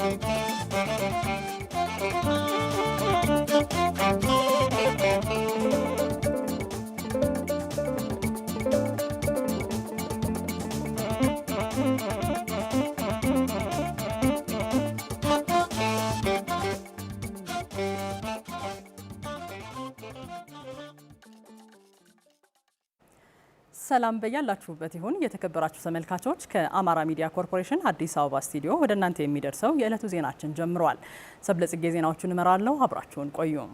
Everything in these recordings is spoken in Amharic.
Okay. ሰላም በያላችሁበት ይሁን የተከበራችሁ ተመልካቾች። ከአማራ ሚዲያ ኮርፖሬሽን አዲስ አበባ ስቱዲዮ ወደ እናንተ የሚደርሰው የዕለቱ ዜናችን ጀምሯል። ሰብለጽጌ ዜናዎቹን እመራለሁ። አብራችሁን ቆዩም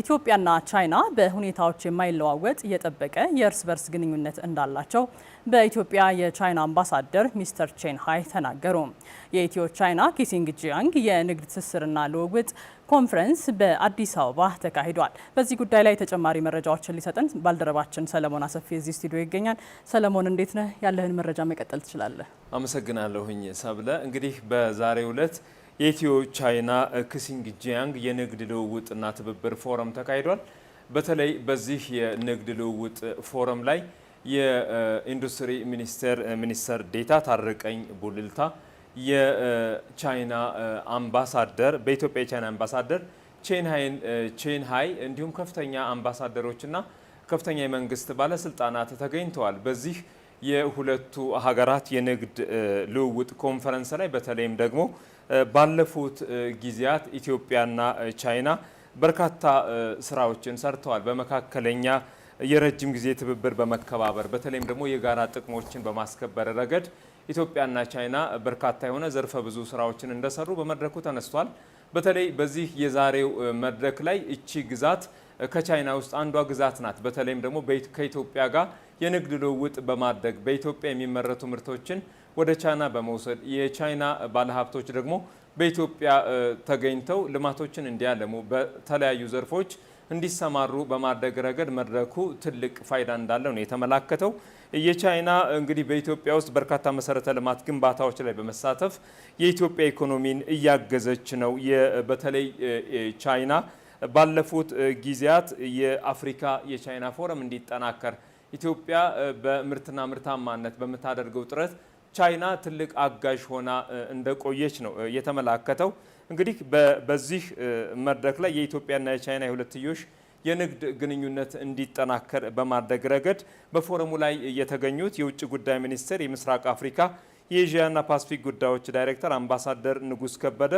ኢትዮጵያና ቻይና በሁኔታዎች የማይለዋወጥ የጠበቀ የእርስ በርስ ግንኙነት እንዳላቸው በኢትዮጵያ የቻይና አምባሳደር ሚስተር ቼን ሀይ ተናገሩ። የኢትዮ ቻይና ኪሲንግ ጂያንግ የንግድ ትስስርና ልውውጥ ኮንፈረንስ በአዲስ አበባ ተካሂዷል። በዚህ ጉዳይ ላይ ተጨማሪ መረጃዎችን ሊሰጠን ባልደረባችን ሰለሞን አሰፊ እዚህ ስቱዲዮ ይገኛል። ሰለሞን እንዴት ነህ? ያለህን መረጃ መቀጠል ትችላለህ። አመሰግናለሁኝ ሰብለ። እንግዲህ በዛሬው ዕለት የኢትዮ ቻይና ጂያንግ የንግድ ልውውጥና ትብብር ፎረም ተካሂዷል። በተለይ በዚህ የንግድ ልውውጥ ፎረም ላይ የኢንዱስትሪ ሚኒስቴር ሚኒስተር ዴታ ታርቀኝ ቡልልታ፣ የቻይና አምባሳደር በኢትዮጵያ የቻይና አምባሳደር ቼን ሀይ እንዲሁም ከፍተኛ አምባሳደሮችና ከፍተኛ የመንግስት ባለስልጣናት ተገኝተዋል። በዚህ የሁለቱ ሀገራት የንግድ ልውውጥ ኮንፈረንስ ላይ በተለይም ደግሞ ባለፉት ጊዜያት ኢትዮጵያና ቻይና በርካታ ስራዎችን ሰርተዋል። በመካከለኛ የረጅም ጊዜ ትብብር በመከባበር በተለይም ደግሞ የጋራ ጥቅሞችን በማስከበር ረገድ ኢትዮጵያና ቻይና በርካታ የሆነ ዘርፈ ብዙ ስራዎችን እንደሰሩ በመድረኩ ተነስቷል። በተለይ በዚህ የዛሬው መድረክ ላይ እቺ ግዛት ከቻይና ውስጥ አንዷ ግዛት ናት። በተለይም ደግሞ ከኢትዮጵያ ጋር የንግድ ልውውጥ በማድረግ በኢትዮጵያ የሚመረቱ ምርቶችን ወደ ቻይና በመውሰድ የቻይና ባለሀብቶች ደግሞ በኢትዮጵያ ተገኝተው ልማቶችን እንዲያለሙ በተለያዩ ዘርፎች እንዲሰማሩ በማድረግ ረገድ መድረኩ ትልቅ ፋይዳ እንዳለው ነው የተመላከተው። የቻይና እንግዲህ በኢትዮጵያ ውስጥ በርካታ መሰረተ ልማት ግንባታዎች ላይ በመሳተፍ የኢትዮጵያ ኢኮኖሚን እያገዘች ነው። በተለይ ቻይና ባለፉት ጊዜያት የአፍሪካ የቻይና ፎረም እንዲጠናከር ኢትዮጵያ በምርትና ምርታማነት በምታደርገው ጥረት ቻይና ትልቅ አጋዥ ሆና እንደቆየች ነው የተመላከተው። እንግዲህ በዚህ መድረክ ላይ የኢትዮጵያና የቻይና የሁለትዮሽ የንግድ ግንኙነት እንዲጠናከር በማድረግ ረገድ በፎረሙ ላይ የተገኙት የውጭ ጉዳይ ሚኒስቴር የምስራቅ አፍሪካ የኤዥያና ፓስፊክ ጉዳዮች ዳይሬክተር አምባሳደር ንጉስ ከበደ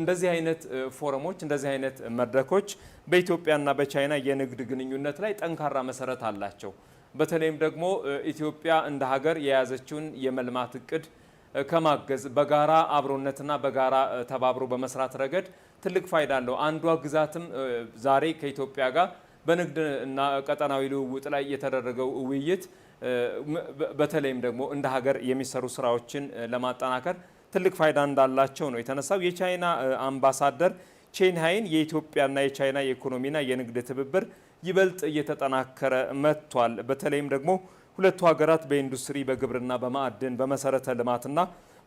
እንደዚህ አይነት ፎረሞች እንደዚህ አይነት መድረኮች በኢትዮጵያና በቻይና የንግድ ግንኙነት ላይ ጠንካራ መሰረት አላቸው በተለይም ደግሞ ኢትዮጵያ እንደ ሀገር የያዘችውን የመልማት እቅድ ከማገዝ በጋራ አብሮነትና በጋራ ተባብሮ በመስራት ረገድ ትልቅ ፋይዳ አለው። አንዷ ግዛትም ዛሬ ከኢትዮጵያ ጋር በንግድ እና ቀጠናዊ ልውውጥ ላይ የተደረገው ውይይት በተለይም ደግሞ እንደ ሀገር የሚሰሩ ስራዎችን ለማጠናከር ትልቅ ፋይዳ እንዳላቸው ነው የተነሳው። የቻይና አምባሳደር ቼንሃይን የኢትዮጵያና የቻይና የኢኮኖሚና የንግድ ትብብር ይበልጥ እየተጠናከረ መጥቷል። በተለይም ደግሞ ሁለቱ ሀገራት በኢንዱስትሪ፣ በግብርና፣ በማዕድን፣ በመሰረተ ልማትና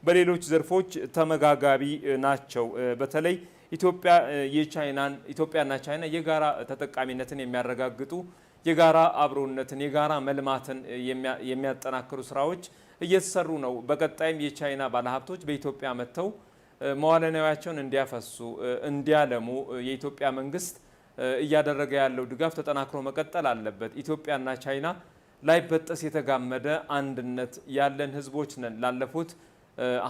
በሌሎች ዘርፎች ተመጋጋቢ ናቸው። በተለይ ኢትዮጵያ የቻይናን ኢትዮጵያና ቻይና የጋራ ተጠቃሚነትን የሚያረጋግጡ የጋራ አብሮነትን የጋራ መልማትን የሚያጠናክሩ ስራዎች እየተሰሩ ነው። በቀጣይም የቻይና ባለሀብቶች በኢትዮጵያ መጥተው መዋለ ንዋያቸውን እንዲያፈሱ እንዲያለሙ የኢትዮጵያ መንግስት እያደረገ ያለው ድጋፍ ተጠናክሮ መቀጠል አለበት። ኢትዮጵያና ቻይና ላይበጠስ የተጋመደ አንድነት ያለን ህዝቦች ነን። ላለፉት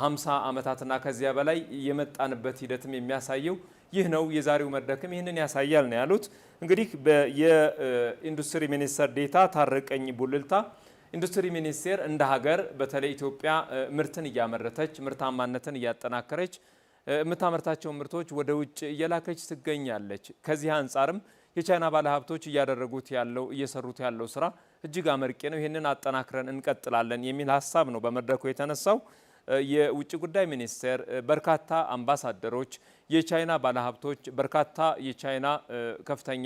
50 ዓመታትና ከዚያ በላይ የመጣንበት ሂደትም የሚያሳየው ይህ ነው። የዛሬው መድረክም ይህንን ያሳያል ነው ያሉት። እንግዲህ የኢንዱስትሪ ሚኒስትር ዴታ ታረቀኝ ቡልልታ ኢንዱስትሪ ሚኒስቴር እንደ ሀገር በተለይ ኢትዮጵያ ምርትን እያመረተች ምርታማነትን እያጠናከረች የምታመርታቸውን ምርቶች ወደ ውጭ እየላከች ትገኛለች። ከዚህ አንጻርም የቻይና ባለሀብቶች እያደረጉት ያለው እየሰሩት ያለው ስራ እጅግ አመርቂ ነው። ይህንን አጠናክረን እንቀጥላለን የሚል ሀሳብ ነው በመድረኩ የተነሳው። የውጭ ጉዳይ ሚኒስቴር፣ በርካታ አምባሳደሮች፣ የቻይና ባለሀብቶች፣ በርካታ የቻይና ከፍተኛ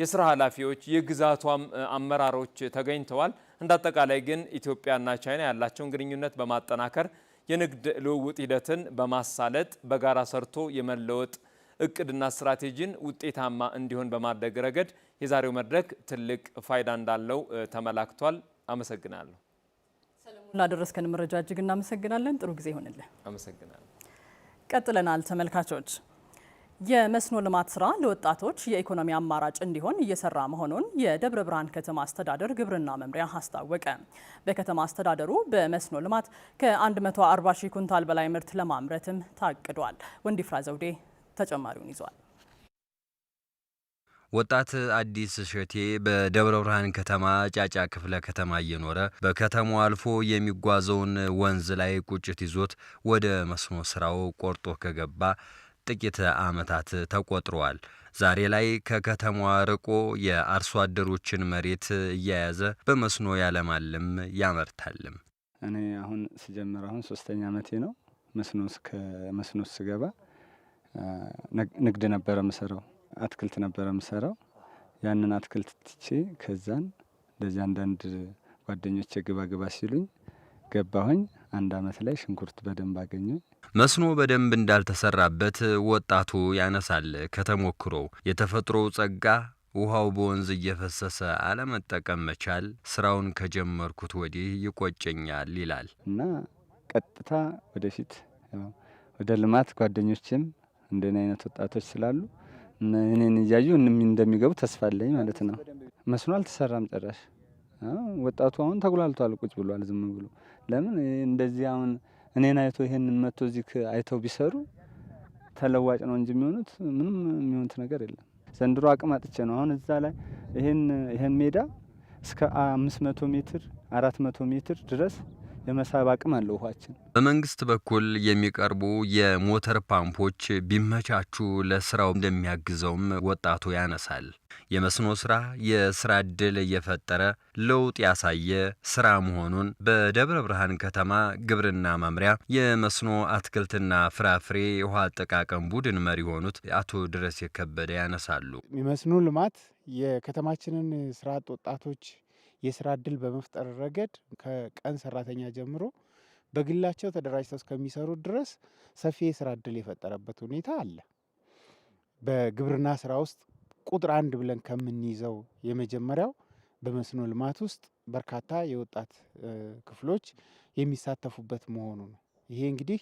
የስራ ኃላፊዎች፣ የግዛቷም አመራሮች ተገኝተዋል። እንደ አጠቃላይ ግን ኢትዮጵያና ቻይና ያላቸውን ግንኙነት በማጠናከር የንግድ ልውውጥ ሂደትን በማሳለጥ በጋራ ሰርቶ የመለወጥ እቅድና ስትራቴጂን ውጤታማ እንዲሆን በማድረግ ረገድ የዛሬው መድረክ ትልቅ ፋይዳ እንዳለው ተመላክቷል። አመሰግናለሁ ሰለሞን፣ ላደረስከን መረጃ እጅግ እናመሰግናለን። ጥሩ ጊዜ ይሆንልን። አመሰግናለሁ። ቀጥለናል ተመልካቾች። የመስኖ ልማት ስራ ለወጣቶች የኢኮኖሚ አማራጭ እንዲሆን እየሰራ መሆኑን የደብረ ብርሃን ከተማ አስተዳደር ግብርና መምሪያ አስታወቀ። በከተማ አስተዳደሩ በመስኖ ልማት ከ140 ሺህ ኩንታል በላይ ምርት ለማምረትም ታቅዷል። ወንዲፍራ ዘውዴ ተጨማሪውን ይዟል። ወጣት አዲስ እሸቴ በደብረ ብርሃን ከተማ ጫጫ ክፍለ ከተማ እየኖረ በከተማው አልፎ የሚጓዘውን ወንዝ ላይ ቁጭት ይዞት ወደ መስኖ ስራው ቆርጦ ከገባ ጥቂት ዓመታት ተቆጥረዋል። ዛሬ ላይ ከከተማዋ ርቆ የአርሶ አደሮችን መሬት እያያዘ በመስኖ ያለማልም ያመርታልም። እኔ አሁን ስጀምር አሁን ሶስተኛ ዓመቴ ነው። መስኖ ስገባ ንግድ ነበረ ምሰራው፣ አትክልት ነበረ ምሰራው። ያንን አትክልት ትቼ ከዛን እንደዚህ አንዳንድ ጓደኞቼ ግባ ግባ ሲሉኝ ገባሁኝ። አንድ አመት ላይ ሽንኩርት በደንብ አገኘ። መስኖ በደንብ እንዳልተሰራበት ወጣቱ ያነሳል። ከተሞክሮ የተፈጥሮው ጸጋ ውሃው በወንዝ እየፈሰሰ አለመጠቀም መቻል ስራውን ከጀመርኩት ወዲህ ይቆጨኛል ይላል እና ቀጥታ ወደፊት ወደ ልማት ጓደኞችም እንደኔ አይነት ወጣቶች ስላሉ እኔን እያዩ እንደሚገቡ ተስፋ አለኝ ማለት ነው። መስኖ አልተሰራም ጭራሽ። ወጣቱ አሁን ተጉላልቷል፣ ቁጭ ብሏል ዝም ብሎ ለምን እንደዚህ አሁን እኔን አይቶ ይሄንን መጥቶ እዚህ አይተው ቢሰሩ ተለዋጭ ነው እንጂ የሚሆኑት ምንም የሚሆኑት ነገር የለም። ዘንድሮ አቅም አጥቼ ነው አሁን እዛ ላይ ይሄን ይሄን ሜዳ እስከ አምስት መቶ ሜትር አራት መቶ ሜትር ድረስ የመሳብ አቅም አለው ውሃችን። በመንግስት በኩል የሚቀርቡ የሞተር ፓምፖች ቢመቻቹ ለስራው እንደሚያግዘውም ወጣቱ ያነሳል። የመስኖ ስራ የስራ እድል እየፈጠረ ለውጥ ያሳየ ስራ መሆኑን በደብረ ብርሃን ከተማ ግብርና መምሪያ የመስኖ አትክልትና ፍራፍሬ የውሃ አጠቃቀም ቡድን መሪ የሆኑት አቶ ድረስ የከበደ ያነሳሉ። የመስኖ ልማት የከተማችንን ስራ አጥ ወጣቶች የስራ እድል በመፍጠር ረገድ ከቀን ሰራተኛ ጀምሮ በግላቸው ተደራጅተው እስከሚሰሩ ድረስ ሰፊ የስራ እድል የፈጠረበት ሁኔታ አለ። በግብርና ስራ ውስጥ ቁጥር አንድ ብለን ከምንይዘው የመጀመሪያው በመስኖ ልማት ውስጥ በርካታ የወጣት ክፍሎች የሚሳተፉበት መሆኑ ነው። ይሄ እንግዲህ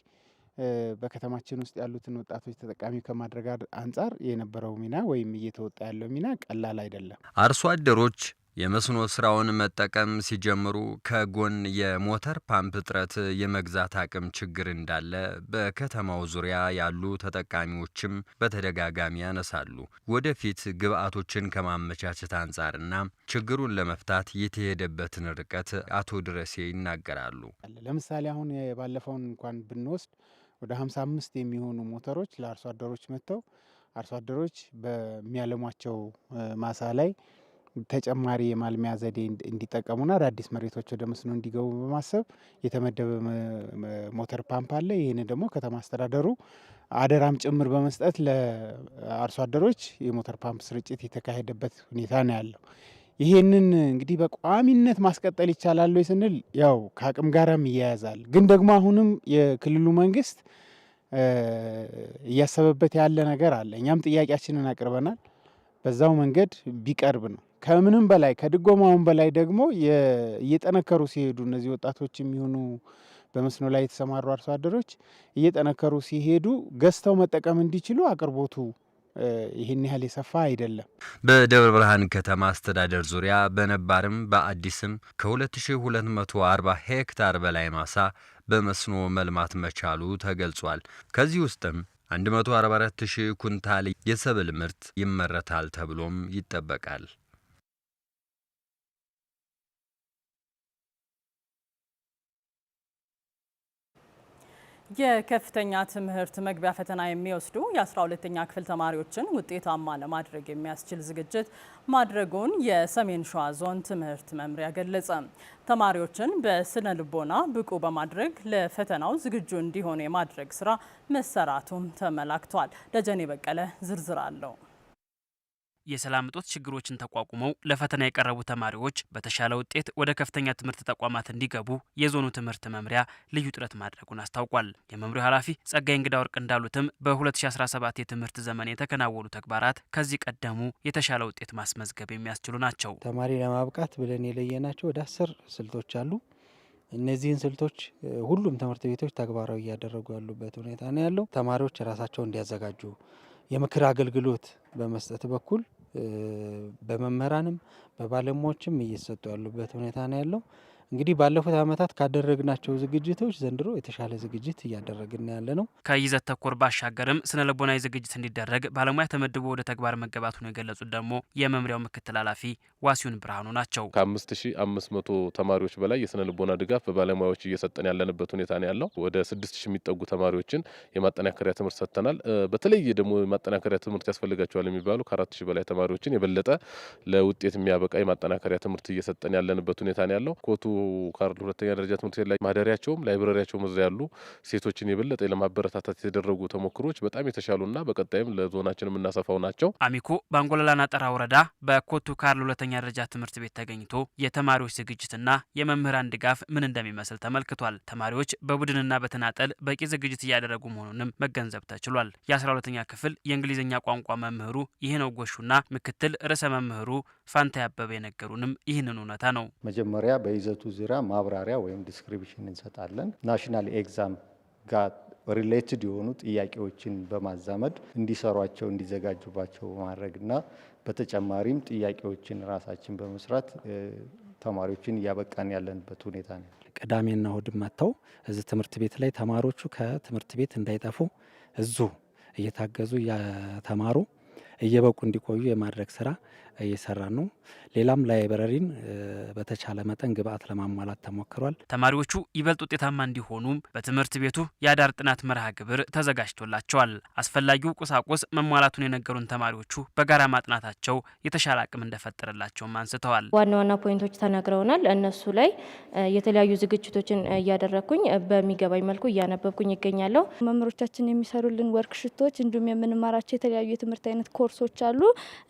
በከተማችን ውስጥ ያሉትን ወጣቶች ተጠቃሚ ከማድረግ አንጻር የነበረው ሚና ወይም እየተወጣ ያለው ሚና ቀላል አይደለም። አርሶ አደሮች የመስኖ ስራውን መጠቀም ሲጀምሩ ከጎን የሞተር ፓምፕ እጥረት የመግዛት አቅም ችግር እንዳለ በከተማው ዙሪያ ያሉ ተጠቃሚዎችም በተደጋጋሚ ያነሳሉ። ወደፊት ግብአቶችን ከማመቻቸት አንጻርና ችግሩን ለመፍታት የተሄደበትን ርቀት አቶ ድረሴ ይናገራሉ። ለምሳሌ አሁን ባለፈውን እንኳን ብንወስድ ወደ 55 የሚሆኑ ሞተሮች ለአርሶ አደሮች መጥተው አርሶ አደሮች በሚያለሟቸው ማሳ ላይ ተጨማሪ የማልሚያ ዘዴ እንዲጠቀሙና አዳዲስ መሬቶች ወደ መስኖ እንዲገቡ በማሰብ የተመደበ ሞተር ፓምፕ አለ። ይህን ደግሞ ከተማ አስተዳደሩ አደራም ጭምር በመስጠት ለአርሶ አደሮች የሞተር ፓምፕ ስርጭት የተካሄደበት ሁኔታ ነው ያለው። ይህንን እንግዲህ በቋሚነት ማስቀጠል ይቻላል ወይ ስንል ያው ከአቅም ጋርም ይያያዛል። ግን ደግሞ አሁንም የክልሉ መንግስት እያሰበበት ያለ ነገር አለ። እኛም ጥያቄያችንን አቅርበናል። በዛው መንገድ ቢቀርብ ነው። ከምንም በላይ ከድጎማውን በላይ ደግሞ እየጠነከሩ ሲሄዱ እነዚህ ወጣቶች የሚሆኑ በመስኖ ላይ የተሰማሩ አርሶ አደሮች እየጠነከሩ ሲሄዱ ገዝተው መጠቀም እንዲችሉ አቅርቦቱ ይህን ያህል የሰፋ አይደለም። በደብረ ብርሃን ከተማ አስተዳደር ዙሪያ በነባርም በአዲስም ከ2240 ሄክታር በላይ ማሳ በመስኖ መልማት መቻሉ ተገልጿል። ከዚህ ውስጥም 144 ኩንታል የሰብል ምርት ይመረታል ተብሎም ይጠበቃል። የከፍተኛ ትምህርት መግቢያ ፈተና የሚወስዱ የ12ኛ ክፍል ተማሪዎችን ውጤታማ ለማድረግ የሚያስችል ዝግጅት ማድረጉን የሰሜን ሸዋ ዞን ትምህርት መምሪያ ገለጸ። ተማሪዎችን በስነ ልቦና ብቁ በማድረግ ለፈተናው ዝግጁ እንዲሆኑ የማድረግ ስራ መሰራቱም ተመላክቷል። ደጀኔ በቀለ ዝርዝር አለው። የሰላም እጦት ችግሮችን ተቋቁመው ለፈተና የቀረቡ ተማሪዎች በተሻለ ውጤት ወደ ከፍተኛ ትምህርት ተቋማት እንዲገቡ የዞኑ ትምህርት መምሪያ ልዩ ጥረት ማድረጉን አስታውቋል። የመምሪያው ኃላፊ ጸጋይ እንግዳ ወርቅ እንዳሉትም በ2017 የትምህርት ዘመን የተከናወኑ ተግባራት ከዚህ ቀደሙ የተሻለ ውጤት ማስመዝገብ የሚያስችሉ ናቸው። ተማሪ ለማብቃት ብለን የለየናቸው ወደ አስር ስልቶች አሉ። እነዚህን ስልቶች ሁሉም ትምህርት ቤቶች ተግባራዊ እያደረጉ ያሉበት ሁኔታ ነው ያለው። ተማሪዎች ራሳቸውን እንዲያዘጋጁ የምክር አገልግሎት በመስጠት በኩል በመምህራንም በባለሙያዎችም እየተሰጡ ያሉበት ሁኔታ ነው ያለው። እንግዲህ ባለፉት ዓመታት ካደረግናቸው ዝግጅቶች ዘንድሮ የተሻለ ዝግጅት እያደረግን ያለ ነው። ከይዘት ተኮር ባሻገርም ስነ ልቦናዊ ዝግጅት እንዲደረግ ባለሙያ ተመድቦ ወደ ተግባር መገባቱን የገለጹት ደግሞ የመምሪያው ምክትል ኃላፊ ዋሲሁን ብርሃኑ ናቸው። ከአምስት ሺ አምስት መቶ ተማሪዎች በላይ የስነ ልቦና ድጋፍ በባለሙያዎች እየሰጠን ያለንበት ሁኔታ ነው ያለው። ወደ ስድስት የሚጠጉ ተማሪዎችን የማጠናከሪያ ትምህርት ሰጥተናል። በተለይ ደግሞ የማጠናከሪያ ትምህርት ያስፈልጋቸዋል የሚባሉ ከአራት ሺ በላይ ተማሪዎችን የበለጠ ለውጤት የሚያበቃ የማጠናከሪያ ትምህርት እየሰጠን ያለንበት ሁኔታ ነው ያለው ኮቱ ካርል ሁለተኛ ደረጃ ትምህርት ቤት ላይ ማደሪያቸውም ላይብረሪያቸውም እዚያ ያሉ ሴቶችን የበለጠ ለማበረታታት የተደረጉ ተሞክሮች በጣም የተሻሉና በቀጣይም ለዞናችን የምናሰፋው ናቸው። አሚኮ በአንጎላላና ጠራ ወረዳ በኮቱ ካርል ሁለተኛ ደረጃ ትምህርት ቤት ተገኝቶ የተማሪዎች ዝግጅትና የመምህራን ድጋፍ ምን እንደሚመስል ተመልክቷል። ተማሪዎች በቡድንና በተናጠል በቂ ዝግጅት እያደረጉ መሆኑንም መገንዘብ ተችሏል። የአስራ ሁለተኛ ክፍል የእንግሊዝኛ ቋንቋ መምህሩ ይህነው ነው ጎሹና ምክትል ርዕሰ መምህሩ ፋንታ ያበበ የነገሩንም ይህንን እውነታ ነው። መጀመሪያ በይዘቱ ዙሪያ ማብራሪያ ወይም ዲስክሪፕሽን እንሰጣለን። ናሽናል ኤግዛም ጋር ሪሌትድ የሆኑ ጥያቄዎችን በማዛመድ እንዲሰሯቸው እንዲዘጋጁባቸው በማድረግና በተጨማሪም ጥያቄዎችን ራሳችን በመስራት ተማሪዎችን እያበቃን ያለንበት ሁኔታ ነው። ቅዳሜና እሁድ መጥተው እዚህ ትምህርት ቤት ላይ ተማሪዎቹ ከትምህርት ቤት እንዳይጠፉ እዙ እየታገዙ እየተማሩ እየበቁ እንዲቆዩ የማድረግ ስራ እየሰራን ነው። ሌላም ላይብረሪን በተቻለ መጠን ግብአት ለማሟላት ተሞክሯል። ተማሪዎቹ ይበልጥ ውጤታማ እንዲሆኑም በትምህርት ቤቱ የአዳር ጥናት መርሃ ግብር ተዘጋጅቶላቸዋል። አስፈላጊው ቁሳቁስ መሟላቱን የነገሩን ተማሪዎቹ በጋራ ማጥናታቸው የተሻለ አቅም እንደፈጠረላቸውም አንስተዋል። ዋና ዋና ፖይንቶች ተነግረውናል። እነሱ ላይ የተለያዩ ዝግጅቶችን እያደረግኩኝ በሚገባኝ መልኩ እያነበብኩኝ ይገኛለሁ። መምህሮቻችን የሚሰሩልን ወርክሽቶች እንዲሁም የምንማራቸው የተለያዩ የትምህርት አይነት ኮርሶች አሉ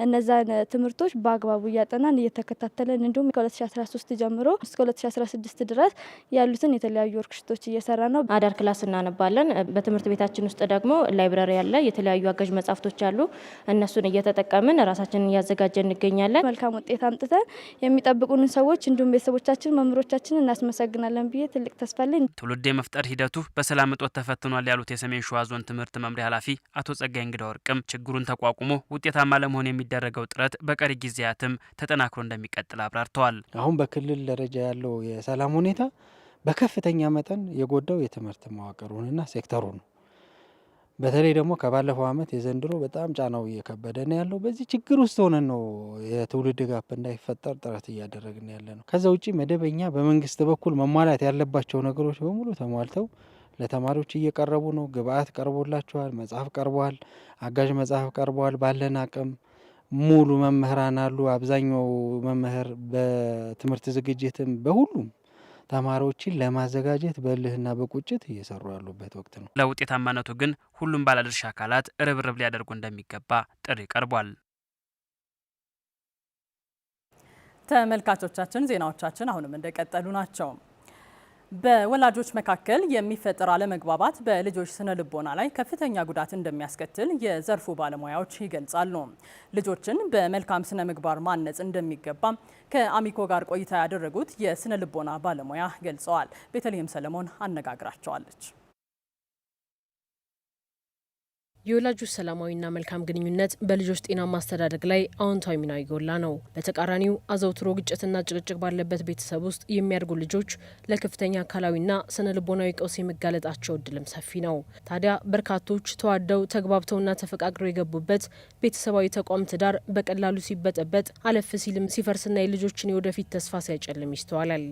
እነዛ ትምህርት ትምህርቶች በአግባቡ እያጠናን እየተከታተለን እንዲሁም ከ2013 ጀምሮ እስከ 2016 ድረስ ያሉትን የተለያዩ ወርክሽቶች እየሰራ ነው። አዳር ክላስ እናነባለን። በትምህርት ቤታችን ውስጥ ደግሞ ላይብራሪ ያለ የተለያዩ አጋዥ መጽሐፍቶች አሉ። እነሱን እየተጠቀምን ራሳችንን እያዘጋጀ እንገኛለን። መልካም ውጤት አምጥተን የሚጠብቁንን ሰዎች እንዲሁም ቤተሰቦቻችን፣ መምህሮቻችን እናስመሰግናለን ብዬ ትልቅ ተስፋ አለኝ። ትውልድ የመፍጠር ሂደቱ በሰላም እጦት ተፈትኗል ያሉት የሰሜን ሸዋ ዞን ትምህርት መምሪያ ኃላፊ አቶ ጸጋይ እንግዳ ወርቅም ችግሩን ተቋቁሞ ውጤታማ ለመሆን የሚደረገው ጥረት በቀ በቀሪ ጊዜያትም ተጠናክሮ እንደሚቀጥል አብራርተዋል። አሁን በክልል ደረጃ ያለው የሰላም ሁኔታ በከፍተኛ መጠን የጎዳው የትምህርት መዋቅሩንና ሴክተሩ ነው። በተለይ ደግሞ ከባለፈው ዓመት የዘንድሮ በጣም ጫናው እየከበደ ነው ያለው። በዚህ ችግር ውስጥ ሆነን ነው የትውልድ ጋፕ እንዳይፈጠር ጥረት እያደረግን ያለ ነው። ከዛ ውጭ መደበኛ በመንግስት በኩል መሟላት ያለባቸው ነገሮች በሙሉ ተሟልተው ለተማሪዎች እየቀረቡ ነው። ግብአት ቀርቦላቸዋል። መጽሐፍ ቀርበዋል። አጋዥ መጽሐፍ ቀርቧል። ባለን አቅም ሙሉ መምህራን አሉ። አብዛኛው መምህር በትምህርት ዝግጅትም በሁሉም ተማሪዎችን ለማዘጋጀት በልህና በቁጭት እየሰሩ ያሉበት ወቅት ነው። ለውጤታማነቱ ግን ሁሉም ባለድርሻ አካላት ርብርብ ሊያደርጉ እንደሚገባ ጥሪ ቀርቧል። ተመልካቾቻችን ዜናዎቻችን አሁንም እንደቀጠሉ ናቸው። በወላጆች መካከል የሚፈጠር አለመግባባት በልጆች ስነ ልቦና ላይ ከፍተኛ ጉዳት እንደሚያስከትል የዘርፉ ባለሙያዎች ይገልጻሉ። ልጆችን በመልካም ስነ ምግባር ማነጽ እንደሚገባ ከአሚኮ ጋር ቆይታ ያደረጉት የስነ ልቦና ባለሙያ ገልጸዋል። ቤተልሔም ሰለሞን አነጋግራቸዋለች። የወላጆች ሰላማዊና መልካም ግንኙነት በልጆች ጤና ማስተዳደግ ላይ አዎንታዊ ሚና የጎላ ነው። በተቃራኒው አዘውትሮ ግጭትና ጭቅጭቅ ባለበት ቤተሰብ ውስጥ የሚያድጉ ልጆች ለከፍተኛ አካላዊና ስነ ልቦናዊ ቀውስ የመጋለጣቸው እድልም ሰፊ ነው። ታዲያ በርካቶች ተዋደው ተግባብተውና ተፈቃቅረው የገቡበት ቤተሰባዊ ተቋም ትዳር በቀላሉ ሲበጠበጥ አለፍ ሲልም ሲፈርስና የልጆችን የወደፊት ተስፋ ሲያጨልም ይስተዋላል።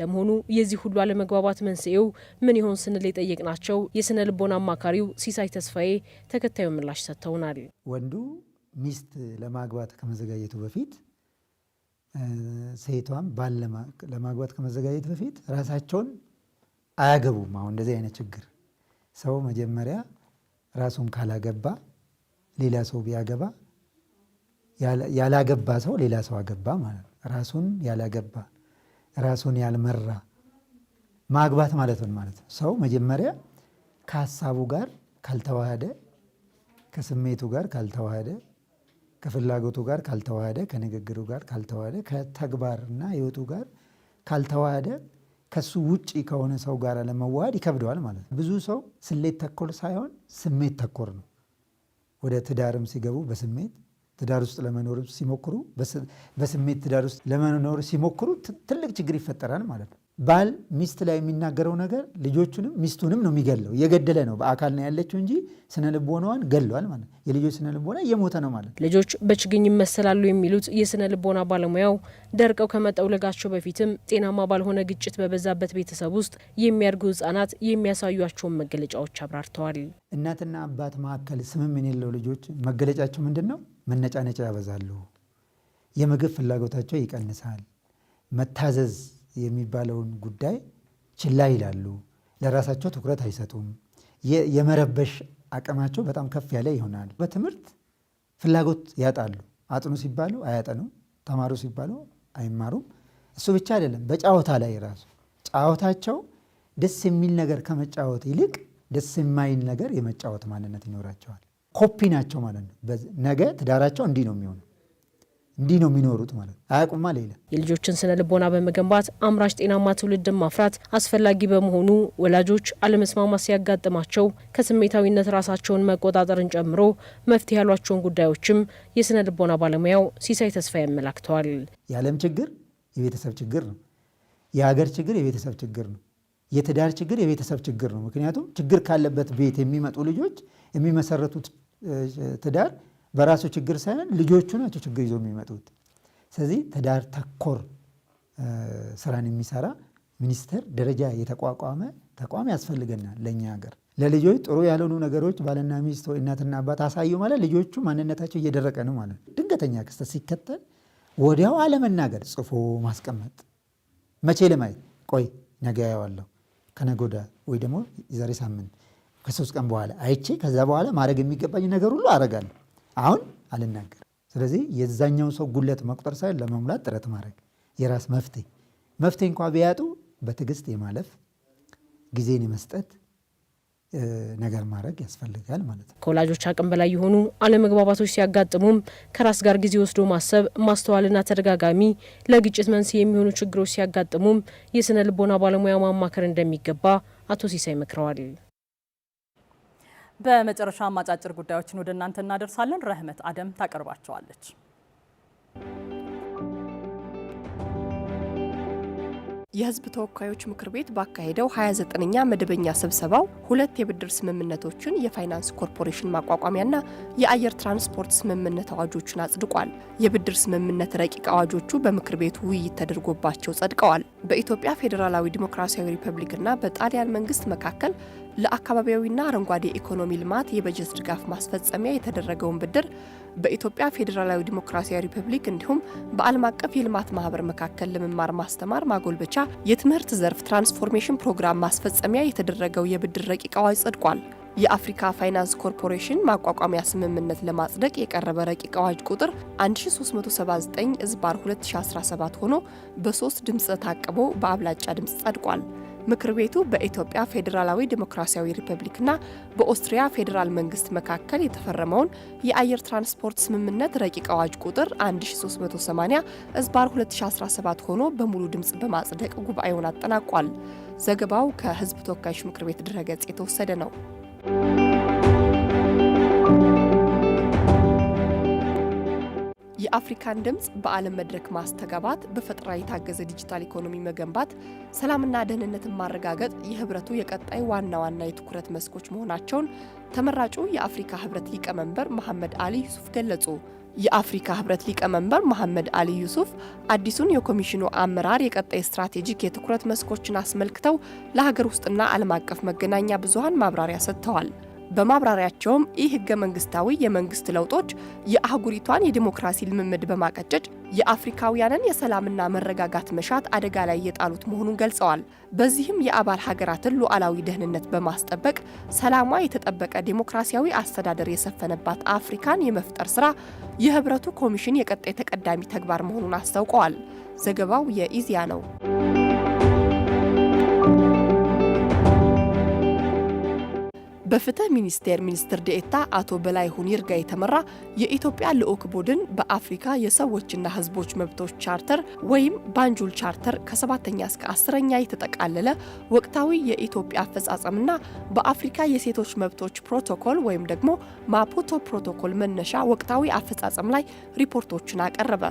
ለመሆኑ የዚህ ሁሉ አለመግባባት መንስኤው ምን ይሆን ስንል የጠየቅናቸው የስነ ልቦና አማካሪው ሲሳይ ተስፋዬ ተከታዩ ምላሽ ሰጥተውናል። ወንዱ ሚስት ለማግባት ከመዘጋጀቱ በፊት ሴቷም ባል ለማግባት ከመዘጋጀት በፊት ራሳቸውን አያገቡም። አሁን እንደዚህ አይነት ችግር ሰው መጀመሪያ ራሱን ካላገባ ሌላ ሰው ቢያገባ ያላገባ ሰው ሌላ ሰው አገባ ማለት ነው። ራሱን ያላገባ ራሱን ያልመራ ማግባት ማለት ነው ማለት ነው። ሰው መጀመሪያ ከሀሳቡ ጋር ካልተዋሃደ ከስሜቱ ጋር ካልተዋሃደ፣ ከፍላጎቱ ጋር ካልተዋሃደ፣ ከንግግሩ ጋር ካልተዋሃደ፣ ከተግባርና ህይወቱ ጋር ካልተዋሃደ ከሱ ውጪ ከሆነ ሰው ጋር ለመዋሃድ ይከብደዋል ማለት ነው። ብዙ ሰው ስሌት ተኮር ሳይሆን ስሜት ተኮር ነው። ወደ ትዳርም ሲገቡ በስሜት ትዳር ውስጥ ለመኖር ሲሞክሩ በስሜት ትዳር ውስጥ ለመኖር ሲሞክሩ ትልቅ ችግር ይፈጠራል ማለት ነው። ባል ሚስት ላይ የሚናገረው ነገር ልጆቹንም ሚስቱንም ነው የሚገለው። የገደለ ነው በአካል ነው ያለችው እንጂ ስነ ልቦናዋን ገሏል ማለት ነው። የልጆች ስነ ልቦና እየሞተ ነው ማለት ነው። ልጆች በችግኝ ይመሰላሉ የሚሉት የስነ ልቦና ባለሙያው ደርቀው ከመጠውለጋቸው በፊትም ጤናማ ባልሆነ ግጭት በበዛበት ቤተሰብ ውስጥ የሚያድጉ ህጻናት የሚያሳዩቸውን መገለጫዎች አብራርተዋል። እናትና አባት መካከል ስምምን የለው ልጆች መገለጫቸው ምንድን ነው? መነጫነጫ ያበዛሉ። የምግብ ፍላጎታቸው ይቀንሳል። መታዘዝ የሚባለውን ጉዳይ ችላ ይላሉ። ለራሳቸው ትኩረት አይሰጡም። የመረበሽ አቅማቸው በጣም ከፍ ያለ ይሆናል። በትምህርት ፍላጎት ያጣሉ። አጥኑ ሲባሉ አያጠኑም። ተማሩ ሲባሉ አይማሩም። እሱ ብቻ አይደለም፣ በጫወታ ላይ ራሱ ጫወታቸው ደስ የሚል ነገር ከመጫወት ይልቅ ደስ የማይል ነገር የመጫወት ማንነት ይኖራቸዋል። ኮፒ ናቸው ማለት ነው። ነገ ትዳራቸው እንዲህ ነው የሚሆነው። እንዲህ ነው የሚኖሩት ማለት አያውቁማ። ሌለ የልጆችን ስነ ልቦና በመገንባት አምራች ጤናማ ትውልድን ማፍራት አስፈላጊ በመሆኑ ወላጆች አለመስማማት ሲያጋጥማቸው ከስሜታዊነት ራሳቸውን መቆጣጠርን ጨምሮ መፍትሄ ያሏቸውን ጉዳዮችም የስነ ልቦና ባለሙያው ሲሳይ ተስፋ ያመላክተዋል። የዓለም ችግር የቤተሰብ ችግር ነው። የሀገር ችግር የቤተሰብ ችግር ነው። የትዳር ችግር የቤተሰብ ችግር ነው። ምክንያቱም ችግር ካለበት ቤት የሚመጡ ልጆች የሚመሰረቱት ትዳር በራሱ ችግር ሳይሆን ልጆቹ ናቸው ችግር ይዞ የሚመጡት። ስለዚህ ትዳር ተኮር ስራን የሚሰራ ሚኒስቴር ደረጃ የተቋቋመ ተቋም ያስፈልገናል። ለእኛ ሀገር ለልጆች ጥሩ ያልሆኑ ነገሮች ባልና ሚስት እናትና አባት አሳዩ ማለት ልጆቹ ማንነታቸው እየደረቀ ነው ማለት ነው። ድንገተኛ ክስተት ሲከተል ወዲያው አለመናገር፣ ጽፎ ማስቀመጥ፣ መቼ ለማየት ቆይ ነገ ያየዋለሁ ወይ ደግሞ የዛሬ ሳምንት ከሶስት ቀን በኋላ አይቼ ከዛ በኋላ ማድረግ የሚገባኝ ነገር ሁሉ አረጋለሁ አሁን አልናገርም። ስለዚህ የዛኛውን ሰው ጉለት መቁጠር ሳይሆን ለመሙላት ጥረት ማድረግ የራስ መፍትሄ መፍትሄ እንኳ ቢያጡ በትዕግስት የማለፍ ጊዜን የመስጠት ነገር ማድረግ ያስፈልጋል ማለት ነው። ከወላጆች አቅም በላይ የሆኑ አለመግባባቶች ሲያጋጥሙም ከራስ ጋር ጊዜ ወስዶ ማሰብ ማስተዋልና ተደጋጋሚ ለግጭት መንስኤ የሚሆኑ ችግሮች ሲያጋጥሙም የስነ ልቦና ባለሙያ ማማከር እንደሚገባ አቶ ሲሳይ መክረዋል። በመጨረሻ አጫጭር ጉዳዮችን ወደ እናንተ እናደርሳለን። ረህመት አደም ታቀርባቸዋለች። የህዝብ ተወካዮች ምክር ቤት ባካሄደው 29ኛ መደበኛ ስብሰባው ሁለት የብድር ስምምነቶችን የፋይናንስ ኮርፖሬሽን ማቋቋሚያና የአየር ትራንስፖርት ስምምነት አዋጆችን አጽድቋል። የብድር ስምምነት ረቂቅ አዋጆቹ በምክር ቤቱ ውይይት ተደርጎባቸው ጸድቀዋል። በኢትዮጵያ ፌዴራላዊ ዲሞክራሲያዊ ሪፐብሊክና በጣሊያን መንግስት መካከል ለአካባቢያዊና አረንጓዴ ኢኮኖሚ ልማት የበጀት ድጋፍ ማስፈጸሚያ የተደረገውን ብድር በኢትዮጵያ ፌዴራላዊ ዲሞክራሲያዊ ሪፐብሊክ እንዲሁም በዓለም አቀፍ የልማት ማህበር መካከል ለመማር ማስተማር ማጎልበቻ የትምህርት ዘርፍ ትራንስፎርሜሽን ፕሮግራም ማስፈጸሚያ የተደረገው የብድር ረቂቅ አዋጅ ጸድቋል። የአፍሪካ ፋይናንስ ኮርፖሬሽን ማቋቋሚያ ስምምነት ለማጽደቅ የቀረበ ረቂቅ አዋጅ ቁጥር 1379 ዝባር 2017 ሆኖ በሶስት ድምፅ ታቅቦ በአብላጫ ድምፅ ጸድቋል። ምክር ቤቱ በኢትዮጵያ ፌዴራላዊ ዴሞክራሲያዊ ሪፐብሊክና በኦስትሪያ ፌዴራል መንግስት መካከል የተፈረመውን የአየር ትራንስፖርት ስምምነት ረቂቅ አዋጅ ቁጥር 1380 እዝባር 2017 ሆኖ በሙሉ ድምፅ በማጽደቅ ጉባኤውን አጠናቋል። ዘገባው ከህዝብ ተወካዮች ምክር ቤት ድረገጽ የተወሰደ ነው። የአፍሪካን ድምፅ በዓለም መድረክ ማስተጋባት፣ በፈጠራ የታገዘ ዲጂታል ኢኮኖሚ መገንባት፣ ሰላምና ደህንነትን ማረጋገጥ የህብረቱ የቀጣይ ዋና ዋና የትኩረት መስኮች መሆናቸውን ተመራጩ የአፍሪካ ህብረት ሊቀመንበር መሐመድ አሊ ዩሱፍ ገለጹ። የአፍሪካ ህብረት ሊቀመንበር መሐመድ አሊ ዩሱፍ አዲሱን የኮሚሽኑ አመራር የቀጣይ ስትራቴጂክ የትኩረት መስኮችን አስመልክተው ለሀገር ውስጥና ዓለም አቀፍ መገናኛ ብዙሀን ማብራሪያ ሰጥተዋል። በማብራሪያቸውም ይህ ህገ መንግስታዊ የመንግስት ለውጦች የአህጉሪቷን የዲሞክራሲ ልምምድ በማቀጨጭ የአፍሪካውያንን የሰላምና መረጋጋት መሻት አደጋ ላይ የጣሉት መሆኑን ገልጸዋል። በዚህም የአባል ሀገራትን ሉዓላዊ ደህንነት በማስጠበቅ ሰላሟ የተጠበቀ ዲሞክራሲያዊ አስተዳደር የሰፈነባት አፍሪካን የመፍጠር ስራ የህብረቱ ኮሚሽን የቀጣይ ተቀዳሚ ተግባር መሆኑን አስታውቀዋል። ዘገባው የኢዚያ ነው። በፍትህ ሚኒስቴር ሚኒስትር ዴኤታ አቶ በላይሁን ይርጋ የተመራ የኢትዮጵያ ልዑክ ቡድን በአፍሪካ የሰዎችና ሕዝቦች መብቶች ቻርተር ወይም ባንጁል ቻርተር ከሰባተኛ እስከ አስረኛ የተጠቃለለ ወቅታዊ የኢትዮጵያ አፈጻጸምና በአፍሪካ የሴቶች መብቶች ፕሮቶኮል ወይም ደግሞ ማፑቶ ፕሮቶኮል መነሻ ወቅታዊ አፈጻጸም ላይ ሪፖርቶችን አቀረበ።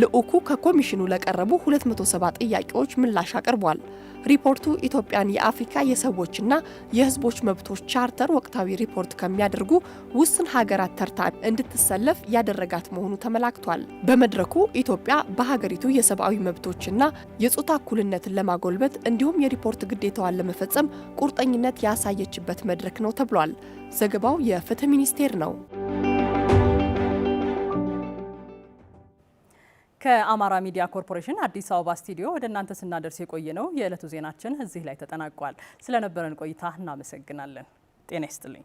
ልዑኩ ከኮሚሽኑ ለቀረቡ 270 ጥያቄዎች ምላሽ አቅርቧል። ሪፖርቱ ኢትዮጵያን የአፍሪካ የሰዎችና የሕዝቦች መብቶች ቻርተር ወቅታዊ ሪፖርት ከሚያደርጉ ውስን ሀገራት ተርታ እንድትሰለፍ ያደረጋት መሆኑ ተመላክቷል። በመድረኩ ኢትዮጵያ በሀገሪቱ የሰብአዊ መብቶችና የጾታ እኩልነትን ለማጎልበት እንዲሁም የሪፖርት ግዴታዋን ለመፈጸም ቁርጠኝነት ያሳየችበት መድረክ ነው ተብሏል። ዘገባው የፍትህ ሚኒስቴር ነው። ከአማራ ሚዲያ ኮርፖሬሽን አዲስ አበባ ስቱዲዮ ወደ እናንተ ስናደርስ የቆየ ነው የዕለቱ ዜናችን እዚህ ላይ ተጠናቋል። ስለነበረን ቆይታ እናመሰግናለን። ጤና ይስጥልኝ።